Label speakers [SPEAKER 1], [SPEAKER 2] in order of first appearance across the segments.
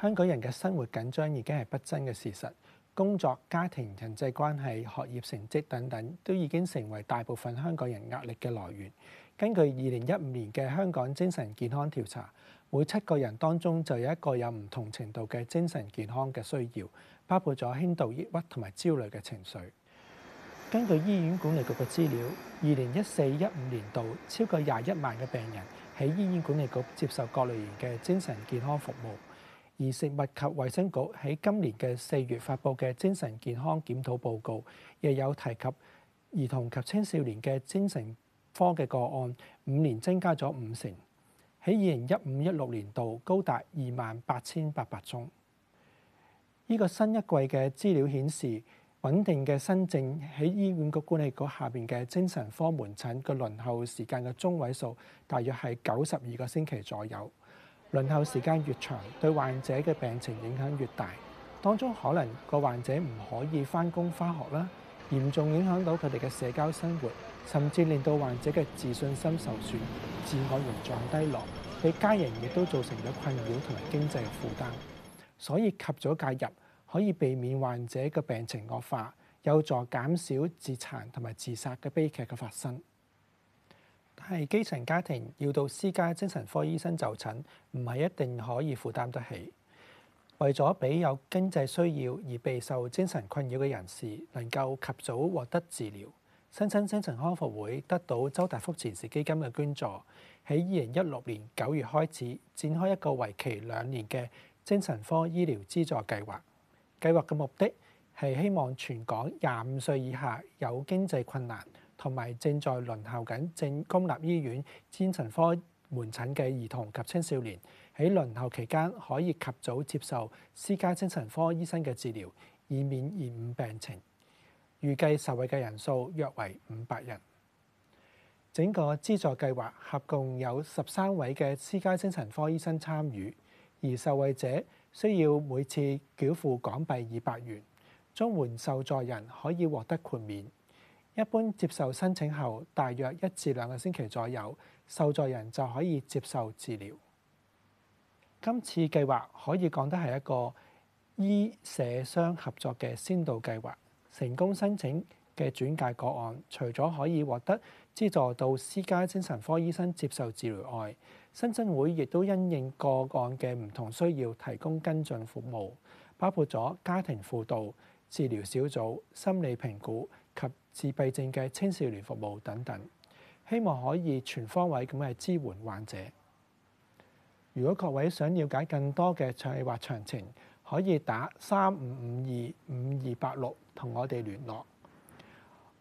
[SPEAKER 1] 香港人嘅生活緊張已經係不爭嘅事實，工作、家庭、人際關係、學業成績等等都已經成為大部分香港人壓力嘅來源。根據二零一五年嘅香港精神健康調查，每七個人當中就有一個有唔同程度嘅精神健康嘅需要，包括咗輕度抑鬱同埋焦慮嘅情緒。根據醫院管理局嘅資料，二零一四一五年度超過廿一萬嘅病人喺醫院管理局接受各類型嘅精神健康服務。而食物及衛生局喺今年嘅四月發布嘅精神健康檢討報告，亦有提及兒童及青少年嘅精神科嘅個案，五年增加咗五成，喺二零一五一六年度高達二萬八千八百宗。呢、這個新一季嘅資料顯示，穩定嘅新症喺醫院局管理局下邊嘅精神科門診嘅輪候時間嘅中位數，大約係九十二個星期左右。輪候時間越長，對患者嘅病情影響越大。當中可能個患者唔可以返工返學啦，嚴重影響到佢哋嘅社交生活，甚至令到患者嘅自信心受損、自我形象低落，俾家人亦都造成咗困擾同埋經濟嘅負擔。所以及早介入可以避免患者嘅病情惡化，有助減少自殘同埋自殺嘅悲劇嘅發生。係基層家庭要到私家精神科醫生就診，唔係一定可以負擔得起。為咗俾有經濟需要而備受精神困擾嘅人士能夠及早獲得治療，新生精神康復會得到周大福慈善基金嘅捐助，喺二零一六年九月開始展開一個為期兩年嘅精神科醫療資助計劃。計劃嘅目的係希望全港廿五歲以下有經濟困難，同埋正在輪候緊正公立醫院精神科門診嘅兒童及青少年，喺輪候期間可以及早接受私家精神科醫生嘅治療，以免延誤病情。預計受惠嘅人數約為五百人。整個資助計劃合共有十三位嘅私家精神科醫生參與，而受惠者需要每次繳付港幣二百元，綜援受助人可以獲得豁免。一般接受申請後，大約一至兩個星期左右，受助人就可以接受治療。今次計劃可以講得係一個醫社商合作嘅先導計劃。成功申請嘅轉介個案，除咗可以獲得資助到私家精神科醫生接受治療外，新生會亦都因應個案嘅唔同需要，提供跟進服務，包括咗家庭輔導、治療小組、心理評估。及自閉症嘅青少年服務等等，希望可以全方位咁嘅支援患者。如果各位想了解更多嘅計劃詳情，可以打三五五二五二八六同我哋聯絡。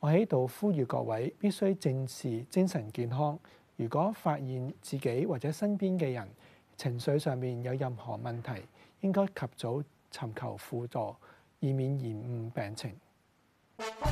[SPEAKER 1] 我喺度呼籲各位必須正視精神健康。如果發現自己或者身邊嘅人情緒上面有任何問題，應該及早尋求輔助，以免延誤病情。